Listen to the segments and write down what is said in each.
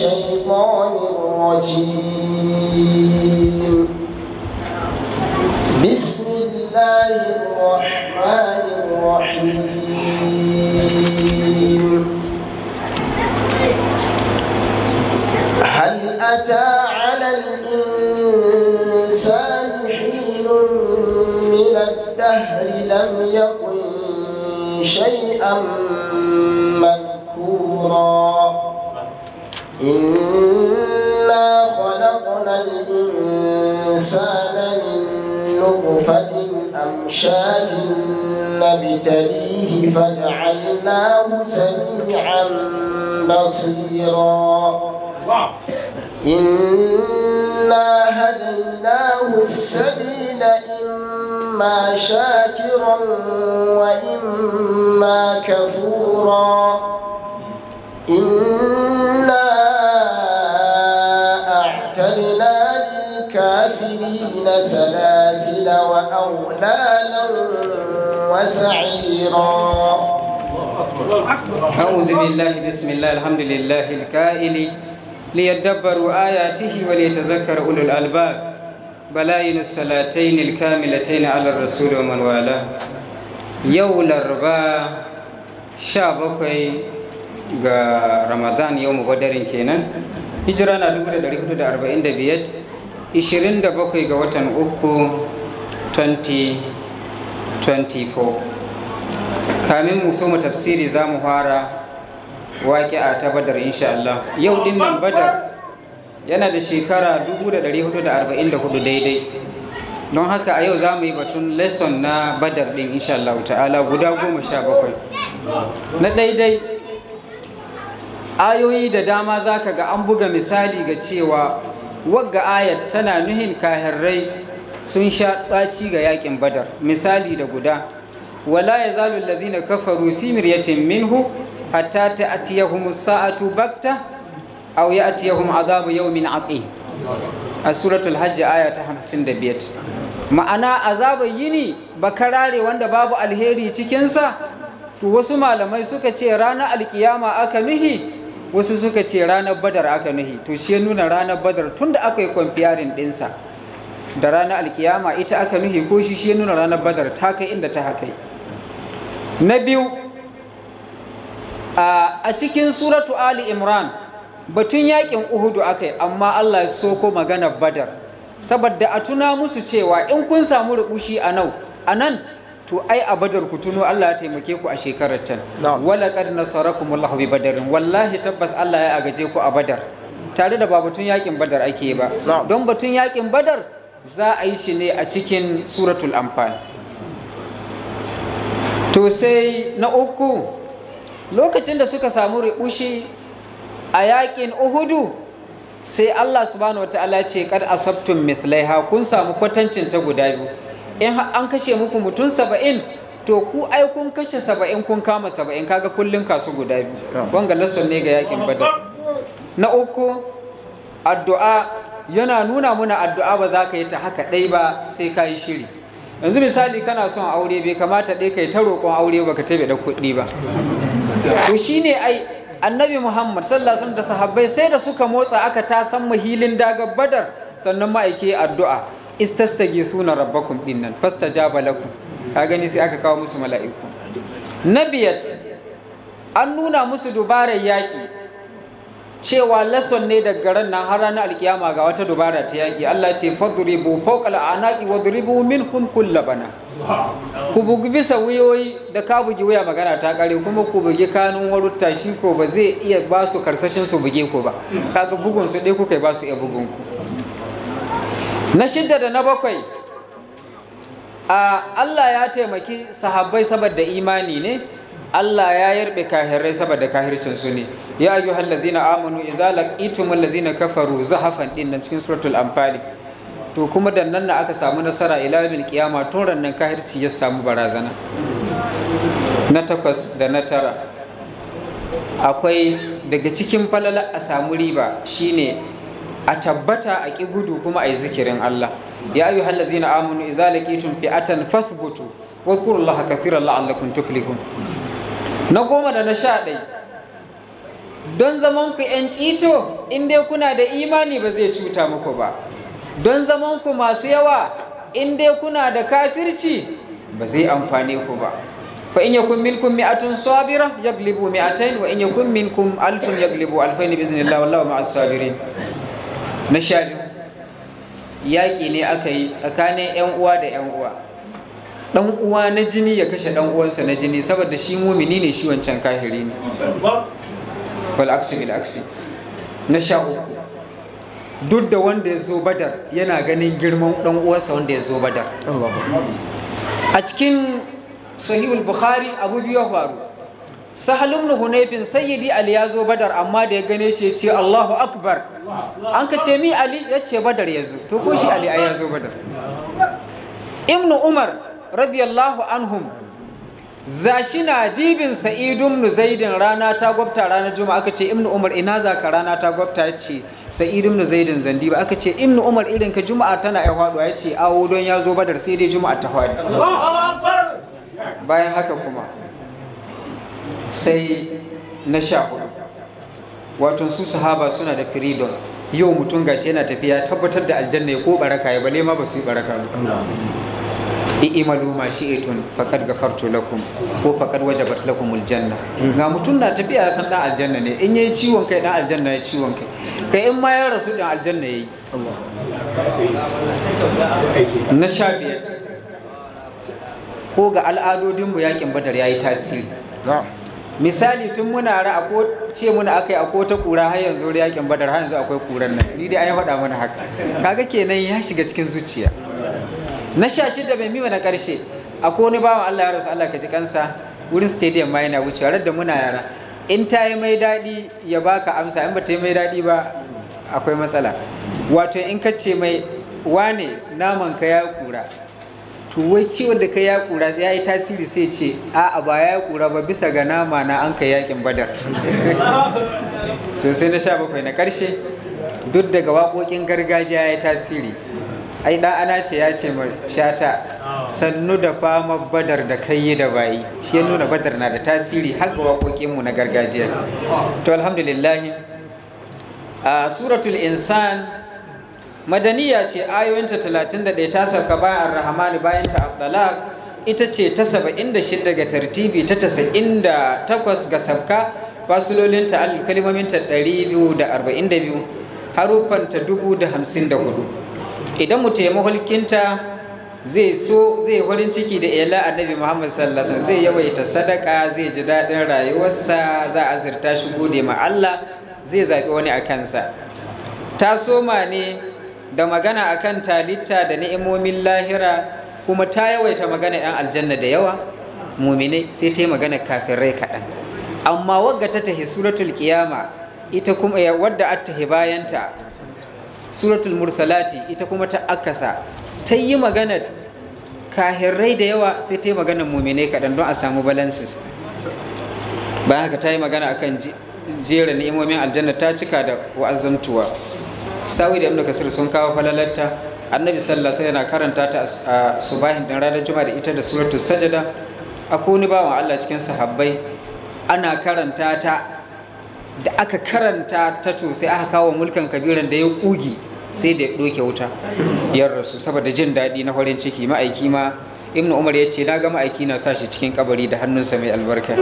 الشيطان الرجيم بسم الله الرحمن الرحيم هل أتى على الإنسان حين من الدهر لم يكن شيئا مذكورا إنا خلقنا الإنسان من نطفة أمشاج نبتليه فجعلناه سميعا بصيرا إنا هديناه السبيل إما شاكرا وإما كفورا إن وأعتدنا للكافرين سلاسل وأغلالا وسعيرا أعوذ بالله بسم الله الحمد لله الكائل ليدبروا آياته وليتذكر أولو الألباب بلاين الصلاتين الكاملتين على الرسول ومن والاه yau laraba sha bakwai ga ramadan yau mubadarin kenan hijira na 1445 27 ga watan uku 2024 kamin mu so mu tafsiri za mu fara waƙi'a ta badar insha Allah yau din nan badar yana da shekara 1444 daidai don haka a yau za mu yi batun lesson na badar din insha Allah ta'ala guda goma sha bakwai na daidai ayoyi da dama za ka ga an buga misali ga cewa wagga ayat tana nuhin kahirrai sun sha ɗaci ga yakin badar misali da guda wala ya zalu lazina kafaru fi miryatin minhu hatta ta atiyahum sa'atu bakta aw ya atiyahum azabu yawmin aqim a suratul hajj aya ta 55 ma'ana azabar yini bakarare wanda babu alheri cikinsa to wasu malamai suka ce ranar alkiyama aka mihi wasu suka ce ranar badar aka nahi to shi nuna ranar badar tun da aka yi kwamfiyarin ɗinsa da ranar alkiyama ita aka nuhi ko shi shi nuna ranar badar ta kai inda ta haka yi. na biyu a cikin suratu ali imran batun yakin uhudu aka yi amma allah ya soko maganar badar saboda a tuna musu cewa in kun samu rubushi a nan to ai a badar ku tuno Allah ya taimake ku a shekarar can wala kad nasarakum Allah bi badarin wallahi tabbas Allah ya agaje ku a badar tare da ba batun yakin badar ake ba don batun yakin badar za a yi shi ne a cikin suratul anfal to sai na uku lokacin da suka samu rubushi a yakin uhudu sai Allah subhanahu wataala ce kad asabtum mithlaiha kun samu kwatancin ta guda biyu in an kashe muku mutum saba'in to ku ai kun kashe saba'in kun kama saba'in kaga kullum kasu guda biyu wanga lesson ne ga yakin badar na uku addu'a yana nuna muna addu'a ba za ka yi ta haka ɗai ba sai ka yi shiri yanzu misali kana son aure bai kamata ɗai ka yi ta roƙon aure ba ka taɓa da kuɗi ba to ne ai annabi muhammad sallallahu da sahabbai sai da suka motsa aka ta san mahilin daga badar sannan ma'aike addu'a suna rabbakum dinnan jaba lakum ka gani sai aka kawo musu mala'iku na biyat an nuna musu dubarar yaƙi cewa lason ne daga ran nan har ranar alkiyama ga wata dubara ta yaƙi Allah ce fadribu fawqa min kun kulla bana. ku bugi bisa wuyoyi da ka bugi wuya magana ta kare kuma ku bugi kanun waruta shi ko ba zai iya ba su karsashin su buge ku ba kaga bugun su dai kuka ba su iya bugun ku na shidda da na bakwai Allah ya taimaki sahabbai saboda imani ne Allah ya yarbe kahirrai saboda kahircin su ne ya ayu halladina amanu idza laqitumul ladina kafaru zahafan din nan cikin suratul amfani. to kuma da nan na aka samu nasara ila bil qiyama tun rannan kahirci ya samu barazana na takwas da na tara akwai daga cikin falala a samu riba shine a tabbata a ƙi gudu kuma a yi zikirin Allah ya ayu hallazina amanu idza laqitum fi'atan fasbutu wa qurullaha kathiran la'allakum kun. na goma da na sha ɗai don zaman ku ‘yan cito in dai kuna da imani ba zai cuta muku ba don zaman ku masu yawa in dai kuna da kafirci ba zai amfani ku ba fa in yakun minkum mi'atun sabira yaglibu mi'atain wa in yakun minkum alfun yaglibu alfain bi iznillah wallahu ma'as sabirin na sha biyu yaƙi ne aka yi tsakanin 'yan uwa da 'yan uwa ɗan uwa na jini ya kashe ɗan uwansa na jini saboda shi mumini ne shi wancan kahiri ne na sha uku duk da wanda ya zo badar yana ganin girman ɗan uwansa wanda ya zo badar a cikin sahihul bukhari abu biyu faru sahalin bin sayyidi ali ya zo badar amma da ya gane shi ce allahu akbar an ka ce mi ali ya ce badar ya zo to ko shi ali a ya zo badar ibnu umar radiyallahu anhum za shi na dibin sa'idun zaidin rana ta gwabta ranar juma'a aka ce ibnu umar ina za ka rana ta gwabta ya ce sa'idun zaidin zandi ba aka ce ibnu umar irin ka juma'a tana ya faɗo ya ce awo don ya zo badar sai dai juma'a ta faɗi bayan haka kuma sai na sha hudu wato su sahaba suna da freedom yau mutum gashi yana tafiya tabbatar da aljanna ya ko baraka ya bale ma ba su yi baraka ba i'malu ma shi'tun faqad ghafartu lakum ko faqad wajabat lakum aljanna ga mutum na tafiya ya san dan aljanna ne in yayi ciwon kai dan aljanna ya ciwon kai kai in ma ya rasu dan aljanna yayi na sha biyar ko ga al'adodinmu yakin badar ya yi tasiri misali tun muna ra a ce muna akai a kota kura har yanzu yakin badar har yanzu akwai kuran nan ni dai an faɗa mana haka kaga kenan ya shiga cikin zuciya na sha shida bai miwa na karshe akwai wani bawan Allah ya rasu Allah ka ji kansa wurin stadium ma yana wucewa da muna yara in ta yi mai daɗi ya baka amsa in ba ta yi mai daɗi ba akwai matsala wato in ka ce mai wane naman ka ya kura to wai ciwon da kai ya kura ya yi tasiri sai ce a'a ba ya kura ba bisa ga nama na an kai yakin badar to sai na sha bakwai na karshe duk daga waƙoƙin gargajiya ya yi tasiri ai ɗan ana ce ya ce ma shata sannu da fama badar da kai yi da bayi shi ya nuna badar na da tasiri har ga waƙoƙinmu na gargajiya to alhamdulillahi a suratul insan madaniya ce ayoyinta 31 ta sauka bayan ar bayan ta abdalak ita ce ta 76 daga tartibi ta 98 ga ta fasilolinta alkalimominta 242 harufanta 54 idan mutum ya mahulkinta zai so zai wurin ciki da ila annabi muhammad sallallahu alaihi zai yawaita sadaka zai ji daɗin rayuwarsa za a zirta shi gode ma allah zai zaɓi wani a kansa ta soma ne da magana a akan talitta da ni'imomin lahira kuma ta yawaita magana 'yan aljanna da yawa muminai sai ta yi magana kafirai kaɗan amma wadda ta tahi suratul kiyama ita kuma wadda a tahi bayanta suratul mursalati ita kuma ta akasa ta yi magana kahirai da yawa sai ta yi magana muminai kaɗan don a samu balansis bayan haka ta yi magana akan jera ni'imomin aljanna ta cika da wa'azantuwa sawi da ibnu kasir sun kawo falalarta annabi sallallahu alaihi yana karanta ta a subahin din ranar juma'a da ita da suratu sajada akwai wani bawan Allah cikin sahabbai ana karanta ta da aka karanta ta to sai aka kawo mulkan kabiran da ya kugi sai da ya doke wuta ya rasu saboda jin daɗi na farin ciki ma'aiki ma ibnu umar ya ce na ga ma'aiki na sashi cikin kabari da hannunsa mai albarka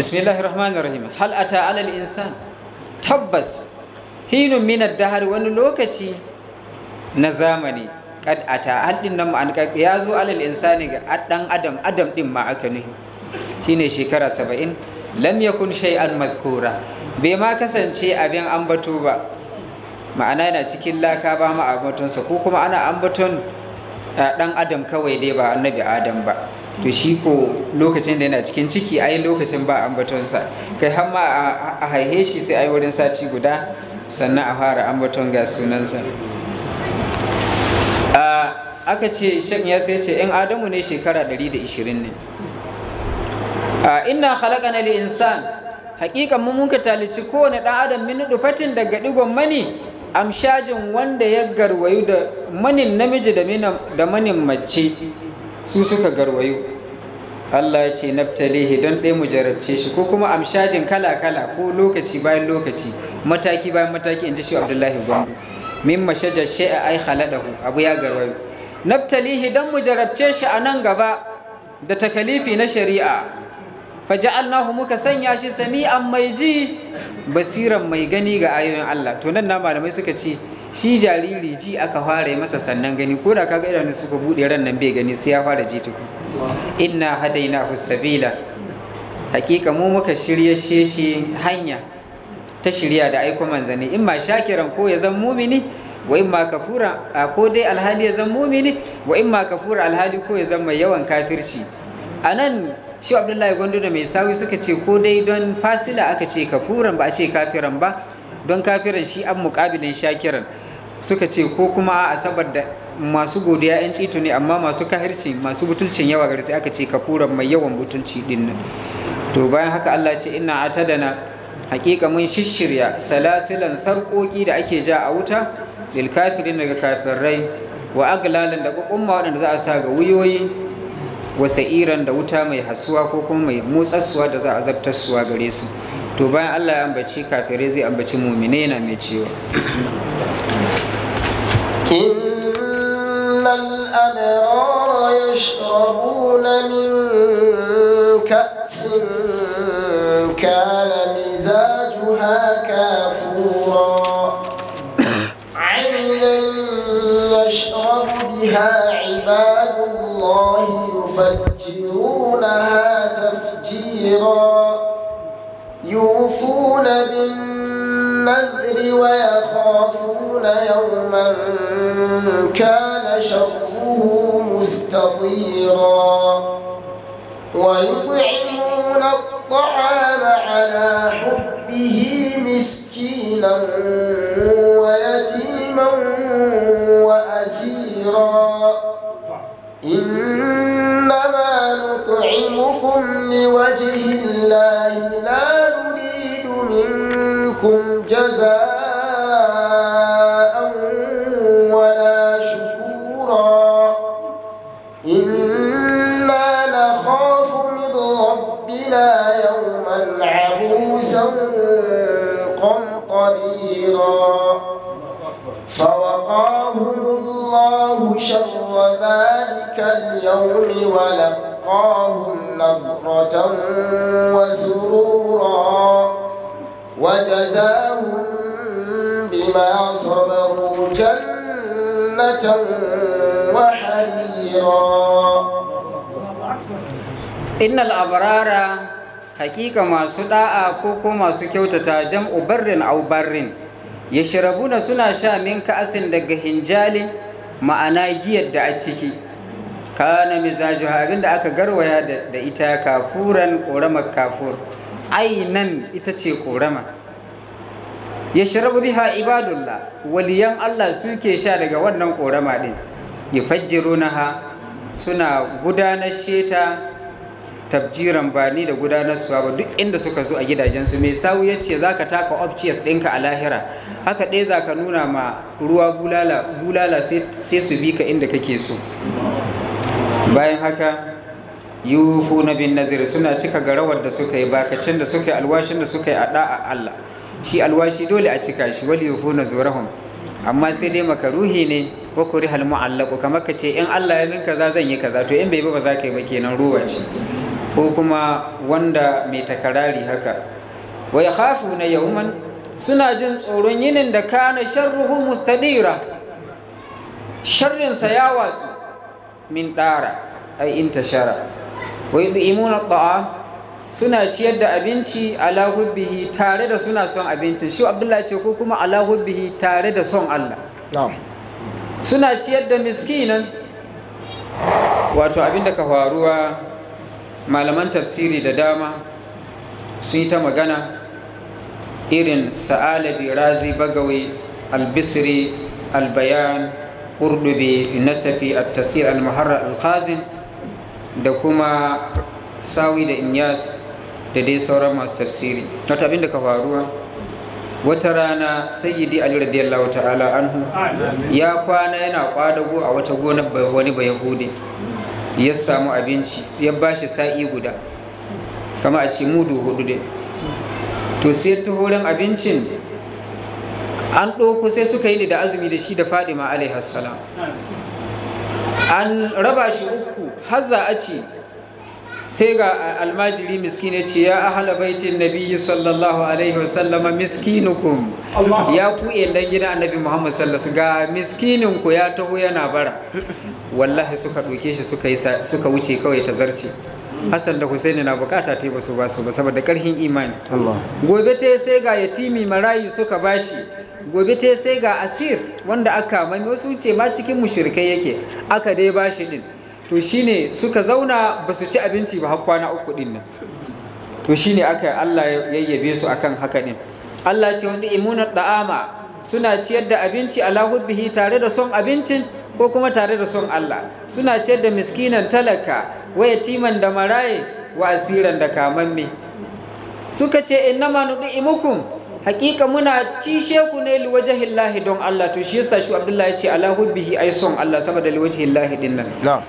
bismillahir rahmanir rahim hal ata alal insan tabbas hinun minar dahar wani lokaci na zamani kad ata haddin nan ma'an ya zo alal insani ga dan adam adam din ma aka ne shine shekara 70 lam yakun shay'an madkura bai ma kasance abin ambato ba ma'ana yana cikin laka ba ma sa ko kuma ana ambaton eh, dan adam kawai dai ba annabi adam ba to shi ko lokacin da yana cikin ciki ai lokacin ba ambatonsa kai har ma a haihe shi sai ai wurin sati guda sannan a fara ambaton ga sunansa aka ce shan ya sai ce in adamu ne shekara 120 ne inna na na insan haƙiƙan mun muka talici kowane ɗan adam min nufatin daga digon mani amshajin wanda ya garwayu da manin namiji da manin mace su suka garwayu Allah ya ce naftalihi don ɗaya mu jarabce shi ko kuma amshajin kala-kala ko lokaci bayan lokaci mataki bayan mataki in ji shi Abdullahi Gombe min mashajar a ai ku, abu ya garwayo naftalihi don mu jarabce shi a nan gaba da takalifi na shari'a faja'alnahu muka sanya shi sami'an mai ji basiran mai gani ga ayoyin Allah to nan na malamai suka ce shi jariri ji aka fara masa sannan gani ko da kaga idanu suka bude ran nan bai gani sai ya fara ji tukun inna hadainahu sabila hakika mu muka shirye shi hanya ta shirya da aiko manzanni in ma shakiran ko ya zan mumini wa in ma kafura ko dai alhali ya zan mumini wa in ma kafura alhali ko ya zan mai yawan kafirci anan shi abdullahi gondo da mai sawi suka ce ko dai don fasila aka ce kafuran ba a ce kafiran ba don kafiran shi an muƙabilin shakiran suka ce ko kuma a saboda masu godiya yan cito ne amma masu kahirci masu butulcin yawa gari sai aka ce ka fura mai yawan butulci din nan to bayan haka Allah ce ina na hakika mun shishirya salasilan sarkoki da ake ja a wuta lil kafirin daga kafirai wa aglalan da kokumma waɗanda za a sa ga wuyoyi wa sa'iran da wuta mai hasuwa ko kuma mai motsassuwa da za a zartassuwa gare su to bayan Allah ya ambaci kafirai zai ambaci mumine yana mai cewa الأبرار يشربون من كأس كان مزاجها كافورا عينا يشرب بها عباد الله يفجرونها تفجيرا يوفون بالنذر ويخافون يوما كان شره مستطيرا ويطعمون الطعام على حبه مسكينا ويتيما وأسيرا إنما نطعمكم لوجه الله لا نريد منكم جزاء innal abrara hakika masu da'a ko ko masu kyautata jam'u barrin au barrin na suna sha min ka'asin daga hinjali ma'ana giyar da a ciki kana mizaju abin da aka garwaya da ita kafuran korama kafur nan ita ce korama yashrabu biha ibadullah waliyan Allah suke sha daga wannan korama din yufajjirunaha suna gudanar sheta tabjiran ba ni da gudanarsuwa ba duk inda suka zo a gidajensu mai sawu ya ce za ka taka obtiyas ɗinka a lahira haka ɗaya za ka nuna ma ruwa bulala sai su bi ka inda kake so bayan haka yuhu na bin nazir suna cika garawar da suka yi bakacin da suka yi alwashin da suka yi a da'a Allah shi alwashi dole a cika shi wali yuhu na zurahum amma sai dai maka ruhi ne wa kuri hal kamar ka ce in Allah ya ninka za zan yi kaza to in bai ba ba za ka yi ba kenan ruwa ce ko kuma wanda mai takarari haka wai hafu na yauman suna jin tsoron yinin da kana sharruhu mustadira sharrinsa ya watsu min ɗara ai shara, wai imuna ɗa'a suna ciyar da abinci ala hubbihi tare da suna son abincin shi abdullahi ce ko kuma ala hubbihi tare da son Allah suna ciyar da miskinan wato abin da ka faruwa malaman tafsiri da dama sun yi ta magana irin sa'alabi razi bagawai albisri albayan urdubi nasafi at-tasir al-muharra al-khazin da kuma sawi da inyas da dai sauran masu tafsiri wata abin da ka faruwa wata rana sayyidi ali radiyallahu ta'ala anhu ya kwana yana kwadago a wata gonar wani bayahudi ya samu abinci ya ba shi sa'i guda kama a ce mudu hudu dai to sai ta horon abincin an ɗoku sai suka yi da azumi da shi da fadima alaihassalam an raba shi uku har za a ce sai ga almajiri miskin ya ce ya ahala nabi sallallahu alaihi wasallama miskinukum ya ku dan gidan annabi muhammad sallallahu ga miskinin ku ya taho yana bara wallahi suka ɗauke shi suka wuce kawai ta zarce hassan da husaini na bukata ta yi basu basu ba saboda karhin imani gobe ta sai ga yatimi marayu suka bashi gobe ta sai ga asir wanda aka mai wasu ce ma cikin mushrikai yake aka dai bashi din to shine suka zauna basu ci abinci ba har kwana uku din nan to shine aka Allah yayyabe su akan haka din Allah ce wani imunar da'ama suna ciyar da abinci ala hubbihi tare da son abincin ko kuma tare da son Allah suna ciyar da miskinan talaka wa yatiman da maraye wa asiran da kamamme suka ce inna innama muku, haƙiƙa muna ci ku ne lahi don Allah to shi yasa shi abdullah ya ce ala hubbihi ay son Allah saboda liwajahillahi dinnan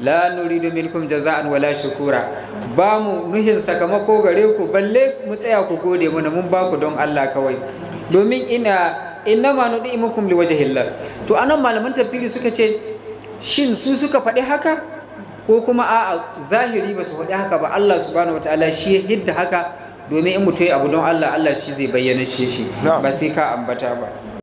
la nuridu minkum jaza'an wala shukura ba mu nuhin sakamako gare ku balle mu tsaya ku gode mana mun ba ku don Allah kawai domin ina inna ma nudi imukum liwajhillah to anan malaman tafsiri suka ce shin su suka faɗi haka ko kuma a'a zahiri ba su faɗi haka ba Allah subhanahu wataala shi ya hidda haka domin in mutum abu don Allah Allah shi zai bayyana shi shi ba sai ka ambata ba